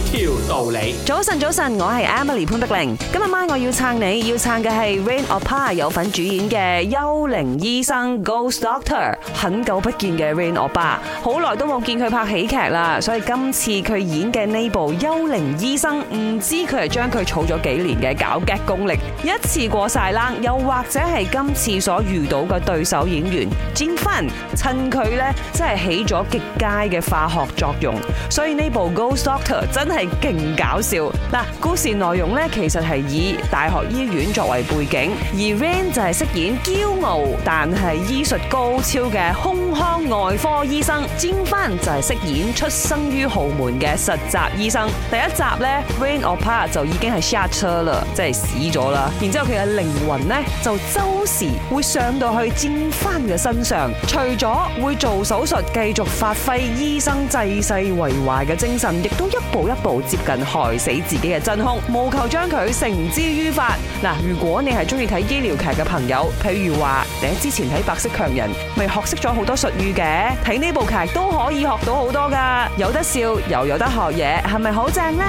條道理，早晨早晨，我係 Emily 潘碧玲。今日晚我要撐你，要撐嘅係 Rain Oppa 有份主演嘅《幽靈醫生 Ghost Doctor》，很久不見嘅 Rain Oppa，好耐都冇見佢拍喜劇啦。所以今次佢演嘅呢部《幽靈醫生》，唔知佢係將佢儲咗幾年嘅搞 gag 功力一次過晒冷。又或者係今次所遇到嘅對手演員金汎趁佢呢真係起咗極佳嘅化學作用，所以呢部 Ghost Doctor 真係勁搞笑嗱！故事內容呢，其實係以大學醫院作為背景，而 Rain 就係飾演驕傲但係醫術高超嘅胸腔外科醫生，金汎就係飾演出生於豪門嘅實習醫生。第一集呢，Rain or Part 就已經係 shutter 啦，即係死咗啦。然之後佢嘅靈魂呢，就周時會上到去金汎嘅身上，除咗會做手術，繼續發揮醫生濟世為懷嘅精神，亦都一步一。一步接近害死自己嘅真凶，務求將佢繩之於法。嗱，如果你係中意睇醫療劇嘅朋友，譬如話你之前睇《白色強人》，咪學識咗好多術語嘅，睇呢部劇都可以學到好多㗎，有得笑又有得學嘢，係咪好正呢？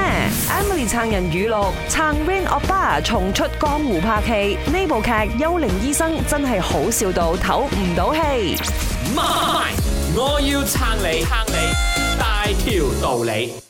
Emily 撐人語錄撐 Rain Obara 重出江湖拍戲，呢部劇《幽靈醫生》真係好笑到唞唔到氣。我要撐你，撐你大條道理。